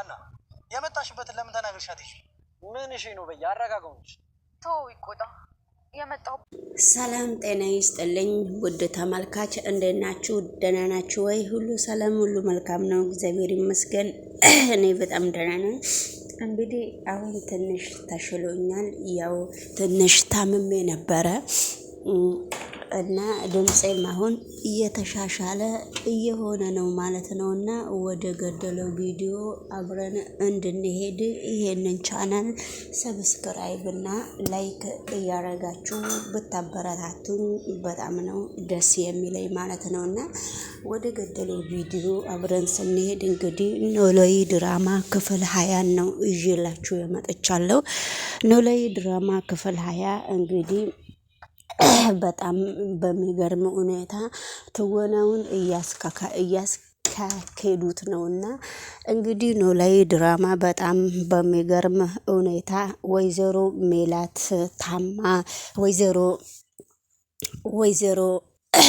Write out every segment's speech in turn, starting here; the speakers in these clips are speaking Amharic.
አና የመጣሽበትን ለምን ተናግርሻት? ምን እሺ ነው በያ አረጋገሙች ተው ይቆጣ የመጣው ሰላም ጤና ይስጥልኝ። ውድ ተመልካች እንዴት ናችሁ? ደህና ናችሁ ወይ? ሁሉ ሰላም፣ ሁሉ መልካም ነው። እግዚአብሔር ይመስገን፣ እኔ በጣም ደህና ነኝ። እንግዲህ አሁን ትንሽ ተሽሎኛል። ያው ትንሽ ታምሜ ነበረ እና ድምፄም አሁን እየተሻሻለ እየሆነ ነው ማለት ነው። እና ወደ ገደለው ቪዲዮ አብረን እንድንሄድ ይሄንን ቻናል ሰብስክራይብ እና ላይክ እያረጋችሁ ብታበረታቱኝ በጣም ነው ደስ የሚለኝ ማለት ነው። እና ወደ ገደለው ቪዲዮ አብረን ስንሄድ እንግዲህ ኖላዊ ድራማ ክፍል ሀያን ነው ይዤላችሁ የመጥቻለሁ። ኖላዊ ድራማ ክፍል ሀያ እንግዲህ በጣም በሚገርም ሁኔታ ትወናውን ነው ነውና እንግዲህ ኖላዊ ድራማ በጣም በሚገርም ሁኔታ ወይዘሮ ሜላት ታማ ወይዘሮ ወይዘሮ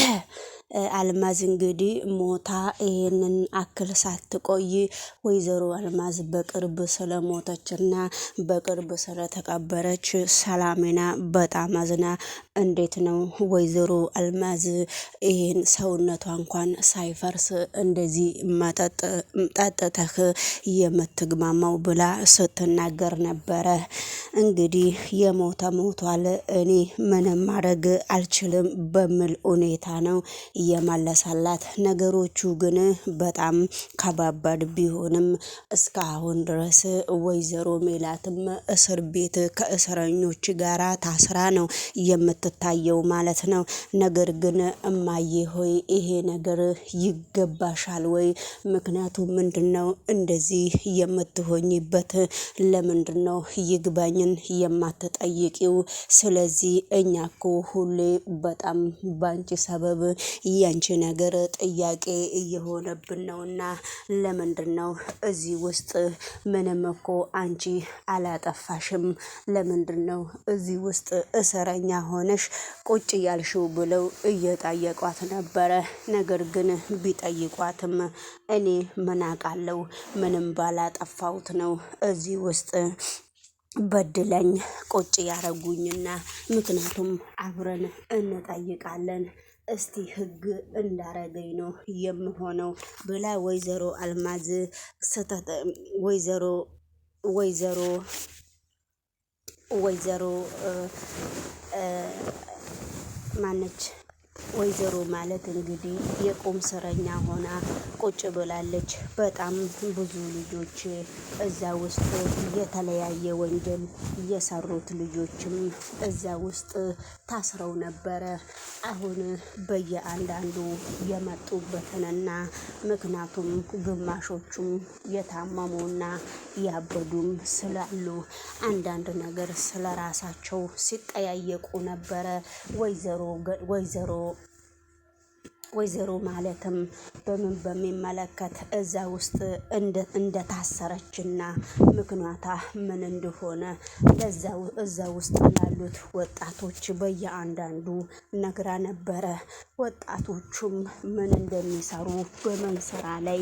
አልማዝ እንግዲህ ሞታ ይሄንን አክል ሳትቆይ ወይዘሮ አልማዝ በቅርብ ስለሞተችና በቅርብ ስለተቀበረች ሰላሜና በጣም አዝና እንዴት ነው ወይዘሮ አልማዝ ይህን ሰውነቷ እንኳን ሳይፈርስ እንደዚህ ጠጥተህ የምትግማማው ብላ ስትናገር ነበረ። እንግዲህ የሞተ ሞቷል፣ እኔ ምንም ማድረግ አልችልም በሚል ሁኔታ ነው እየመለሳላት። ነገሮቹ ግን በጣም ከባባድ ቢሆንም እስካሁን ድረስ ወይዘሮ ሜላትም እስር ቤት ከእስረኞች ጋራ ታስራ ነው የምት የምትታየው ማለት ነው። ነገር ግን እማዬ ሆይ ይሄ ነገር ይገባሻል ወይ? ምክንያቱም ምንድን ነው እንደዚህ የምትሆኝበት? ለምንድን ነው ይግባኝን የማትጠይቂው? ስለዚህ እኛ እኮ ሁሌ በጣም ባንቺ ሰበብ ያንቺ ነገር ጥያቄ እየሆነብን እና ለምንድን ነው እዚህ ውስጥ ምንም እኮ አንቺ አላጠፋሽም። ለምንድን ነው እዚህ ውስጥ እስረኛ ሆነ? ትንሽ ቁጭ ያልሽው ብለው እየጠየቋት ነበረ። ነገር ግን ቢጠይቋትም እኔ ምን አውቃለሁ ምንም ባላጠፋሁት ነው እዚህ ውስጥ በድለኝ ቁጭ ያረጉኝና ምክንያቱም አብረን እንጠይቃለን እስቲ ህግ እንዳረገኝ ነው የምሆነው ብላ ወይዘሮ አልማዝ ስተት ወይዘሮ ወይዘሮ ወይዘሮ ማነች ወይዘሮ ማለት እንግዲህ የቁም ስረኛ ሆና ቁጭ ብላለች። በጣም ብዙ ልጆች እዛ ውስጥ የተለያየ ወንጀል የሰሩት ልጆችም እዛ ውስጥ ታስረው ነበረ። አሁን በየአንዳንዱ የመጡበትንና ምክንያቱም ግማሾቹም የታመሙና ያበዱም ስላሉ አንዳንድ ነገር ስለራሳቸው ሲጠያየቁ ነበረ ወይዘሮ ወይዘሮ ወይዘሮ ማለትም በምን በሚመለከት እዛ ውስጥ እንደታሰረችና ምክንያታ ምን እንደሆነ እዛ ውስጥ ላሉት ወጣቶች በየአንዳንዱ ነግራ ነበረ። ወጣቶቹም ምን እንደሚሰሩ በምን ስራ ላይ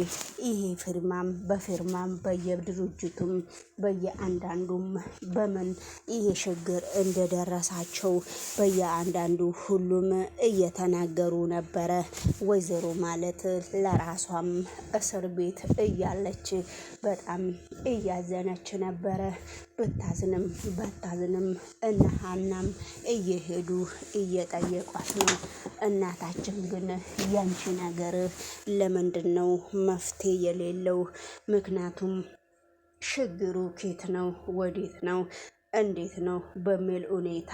ይሄ ፊርማም በፊርማም በየድርጅቱም በየአንዳንዱም በምን ይሄ ችግር እንደደረሳቸው በየአንዳንዱ ሁሉም እየተናገሩ ነበረ። ወይዘሮ ማለት ለራሷም እስር ቤት እያለች በጣም እያዘነች ነበረ። ብታዝንም ባታዝንም እነ ሀናም እየሄዱ እየጠየቋት ነው። እናታችን ግን ያንቺ ነገር ለምንድን ነው መፍትሄ የሌለው? ምክንያቱም ችግሩ ኬት ነው? ወዴት ነው? እንዴት ነው በሚል ሁኔታ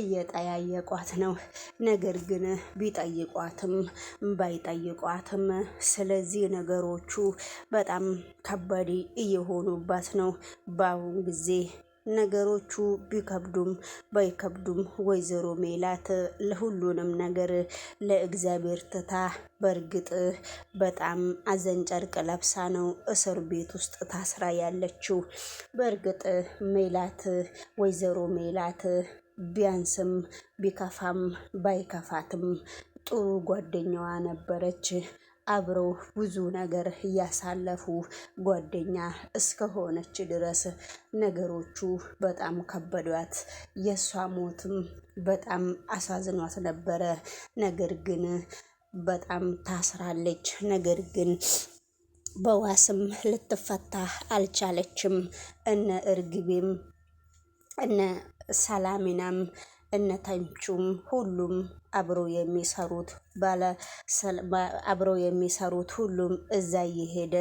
እየጠያየቋት ነው። ነገር ግን ቢጠይቋትም ባይጠይቋትም ስለዚህ ነገሮቹ በጣም ከባድ እየሆኑባት ነው በአሁን ጊዜ ነገሮቹ ቢከብዱም ባይከብዱም ወይዘሮ ሜላት ለሁሉንም ነገር ለእግዚአብሔር ትታ በእርግጥ በጣም አዘን ጨርቅ ለብሳ ነው እስር ቤት ውስጥ ታስራ ያለችው። በእርግጥ ሜላት ወይዘሮ ሜላት ቢያንስም ቢከፋም ባይከፋትም ጥሩ ጓደኛዋ ነበረች። አብረው ብዙ ነገር እያሳለፉ ጓደኛ እስከሆነች ድረስ ነገሮቹ በጣም ከበዷት። የእሷ ሞትም በጣም አሳዝኗት ነበረ። ነገር ግን በጣም ታስራለች። ነገር ግን በዋስም ልትፈታ አልቻለችም። እነ እርግቤም እነ ሰላሚናም እነ ተንቹም ሁሉም አብረው የሚሰሩት ባለ አብረው የሚሰሩት ሁሉም እዛ እየሄደ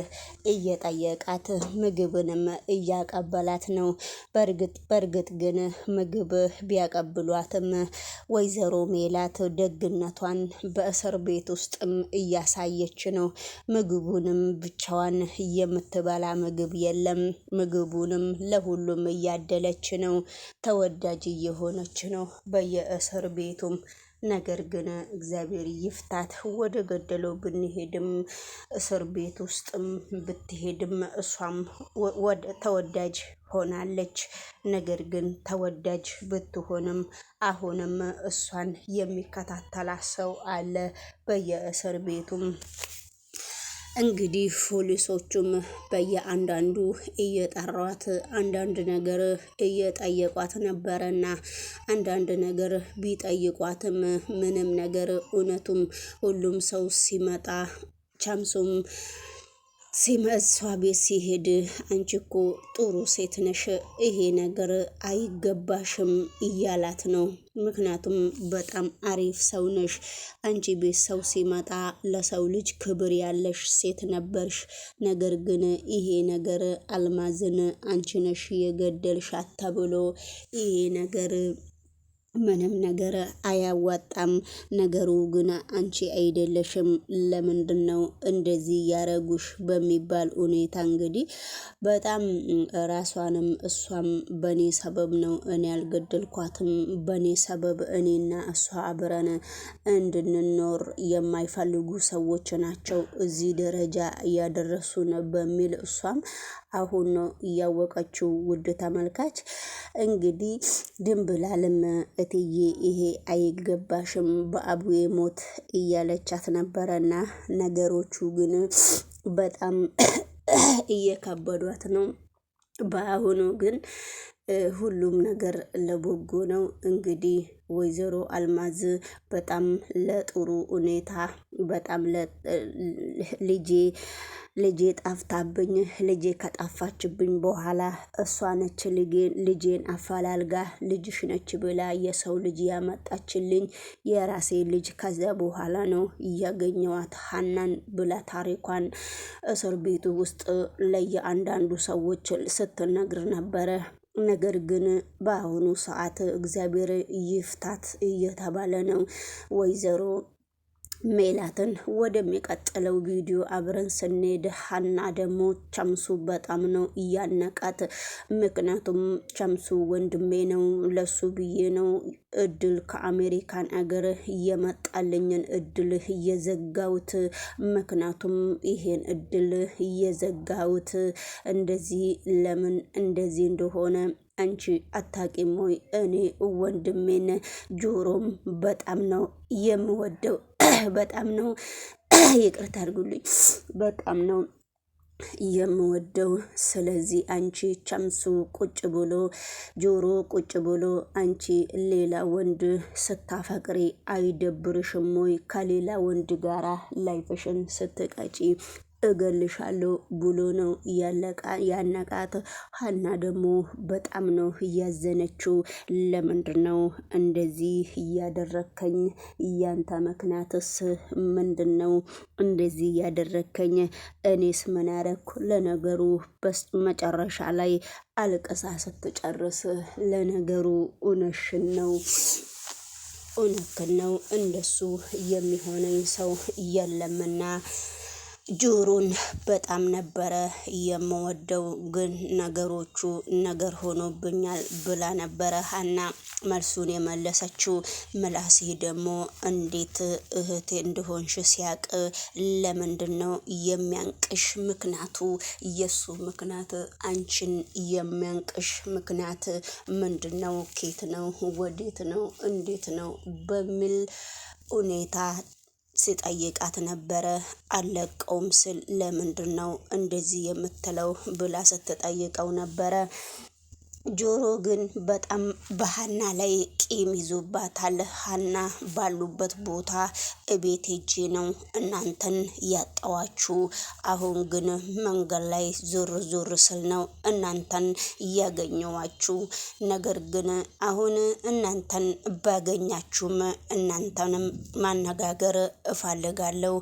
እየጠየቃት ምግብንም እያቀበላት ነው። በእርግጥ በእርግጥ ግን ምግብ ቢያቀብሏትም ወይዘሮ ሜላት ደግነቷን በእስር ቤት ውስጥም እያሳየች ነው። ምግቡንም ብቻዋን የምትበላ ምግብ የለም። ምግቡንም ለሁሉም እያደለች ነው። ተወዳጅ እየሆነች ነው በየእስር ቤቱም ነገር ግን እግዚአብሔር ይፍታት። ወደ ገደለው ብንሄድም እስር ቤት ውስጥም ብትሄድም እሷም ተወዳጅ ሆናለች። ነገር ግን ተወዳጅ ብትሆንም አሁንም እሷን የሚከታተላት ሰው አለ በየእስር ቤቱም እንግዲህ ፖሊሶቹም በየአንዳንዱ እየጠሯት አንዳንድ ነገር እየጠየቋት ነበረና አንዳንድ ነገር ቢጠይቋትም ምንም ነገር እውነቱም ሁሉም ሰው ሲመጣ ቻምሱም ሲመሷ ቤት ሲሄድ አንቺ እኮ ጥሩ ሴት ነሽ፣ ይሄ ነገር አይገባሽም እያላት ነው። ምክንያቱም በጣም አሪፍ ሰው ነሽ። አንቺ ቤት ሰው ሲመጣ ለሰው ልጅ ክብር ያለሽ ሴት ነበርሽ። ነገር ግን ይሄ ነገር አልማዝን አንቺ ነሽ የገደልሻት ተብሎ ይሄ ነገር ምንም ነገር አያዋጣም። ነገሩ ግን አንቺ አይደለሽም ለምንድን ነው እንደዚህ ያረጉሽ በሚባል ሁኔታ እንግዲህ በጣም ራሷንም እሷም በእኔ ሰበብ ነው እኔ አልገደልኳትም በእኔ ሰበብ እኔና እሷ አብረን እንድንኖር የማይፈልጉ ሰዎች ናቸው እዚህ ደረጃ እያደረሱን በሚል እሷም አሁን ነው እያወቀችው ውድ ተመልካች። እንግዲህ ድንብላልም እትዬ ይሄ አይገባሽም በአቡዬ ሞት እያለቻት ነበረና ነገሮቹ ግን በጣም እየከበዷት ነው። በአሁኑ ግን ሁሉም ነገር ለበጎ ነው። እንግዲህ ወይዘሮ አልማዝ በጣም ለጥሩ ሁኔታ በጣም ልጄ ልጄ ጣፍታብኝ ልጄ ከጣፋችብኝ በኋላ እሷ ነች ልጄን አፈላልጋ ልጅሽ ነች ብላ የሰው ልጅ ያመጣችልኝ የራሴ ልጅ ከዚያ በኋላ ነው እያገኘዋት ሀናን ብላ ታሪኳን እስር ቤቱ ውስጥ ለየአንዳንዱ ሰዎች ስትነግር ነበረ። ነገር ግን በአሁኑ ሰዓት እግዚአብሔር ይፍታት እየተባለ ነው። ወይዘሮ ሜላትን ወደሚቀጥለው ቪዲዮ አብረን ስንሄድ ሀና ደግሞ ቸምሱ በጣም ነው እያነቃት። ምክንያቱም ቸምሱ ወንድሜ ነው፣ ለሱ ብዬ ነው እድል ከአሜሪካን አገር የመጣልኝን እድል እየዘጋውት። ምክንያቱም ይሄን እድል እየዘጋውት እንደዚህ ለምን እንደዚህ እንደሆነ አንቺ አታቂም ወይ? እኔ ወንድሜን ጆሮም በጣም ነው የምወደው በጣም ነው ይቅርታ አድርጉልኝ፣ በጣም ነው የምወደው ስለዚህ አንቺ ቻምሱ ቁጭ ብሎ ጆሮ ቁጭ ብሎ አንቺ ሌላ ወንድ ስታፈቅሪ አይደብርሽም ወይ? ከሌላ ወንድ ጋራ ላይፍሽን ስትቀጪ እገልሻለሁ ብሎ ነው ያነቃት። ሀና ደግሞ በጣም ነው እያዘነችው። ለምንድን ነው እንደዚህ እያደረከኝ? እያንተ ምክንያትስ ምንድን ነው እንደዚህ እያደረከኝ? እኔስ ምን አረኩ? ለነገሩ መጨረሻ ላይ አልቅሳ ስትጨርስ ለነገሩ እውነሽን ነው እውነትን ነው እንደሱ የሚሆነኝ ሰው የለምና ጆሮን በጣም ነበረ የምወደው ግን ነገሮቹ ነገር ሆኖብኛል ብላ ነበረ ሀና መልሱን የመለሰችው። ምላሴ ደግሞ እንዴት እህቴ እንደሆንሽ ሲያቅ ለምንድን ነው የሚያንቅሽ? ምክንያቱ የሱ ምክንያት አንቺን የሚያንቅሽ ምክንያት ምንድን ነው? ኬት ነው? ወዴት ነው? እንዴት ነው? በሚል ሁኔታ ሲጠይቃት ነበረ። አለቀውም ስል ለምንድን ነው እንደዚህ የምትለው ብላ ስትጠይቀው ነበረ። ጆሮ ግን በጣም በሀና ላይ ቂም ይዞባታል። ሀና ባሉበት ቦታ እቤት ሄጄ ነው እናንተን ያጣዋችሁ። አሁን ግን መንገድ ላይ ዞር ዞር ስል ነው እናንተን እያገኘዋችሁ ነገር ግን አሁን እናንተን ባገኛችሁም እናንተንም ማነጋገር እፈልጋለሁ።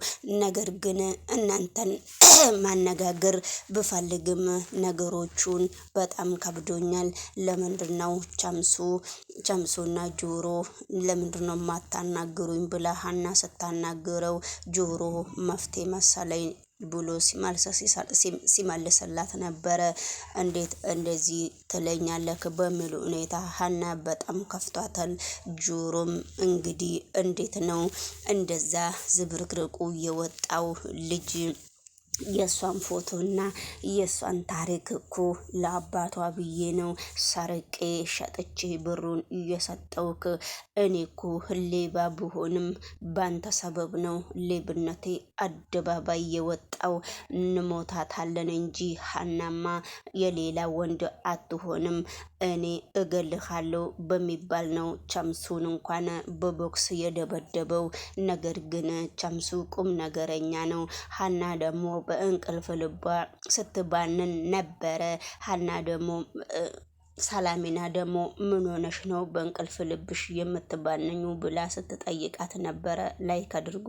ነገር ግን እናንተን ማነጋገር ብፈልግም ነገሮቹን በጣም ከብዶኛል። ለምንድን ነው ቸምሱ ቸምሱና ጆሮ ለምንድን ነው የማታናግሩኝ ብላ ሀና ስታናግረው ጆሮ መፍትሄ መሰለኝ ብሎ ሲመልስላት ነበረ። እንዴት እንደዚህ ትለኛለክ? በሚል ሁኔታ ሀና በጣም ከፍቷታል። ጆሮም እንግዲህ እንዴት ነው እንደዛ ዝብርቅርቁ የወጣው ልጅ የእሷን ፎቶና የእሷን ታሪክ እኮ ለአባቷ ብዬ ነው ሰርቄ ሸጥቼ ብሩን እየሰጠውክ። እኔ እኮ ሌባ ብሆንም ባንተ ሰበብ ነው ሌብነቴ አደባባይ የወጣው። እንሞታታለን እንጂ ሀናማ የሌላ ወንድ አትሆንም። እኔ እገልሃለሁ በሚባል ነው ቻምሱን እንኳን በቦክስ የደበደበው። ነገር ግን ቻምሱ ቁም ነገረኛ ነው። ሀና ደግሞ በእንቅልፍ ልቧ ስትባንን ነበረ። ሀና ደግሞ ሰላሚና ደግሞ ምን ሆነሽ ነው በእንቅልፍ ልብሽ የምትባንኙ ብላ ስትጠይቃት ነበረ። ላይክ አድርጉ።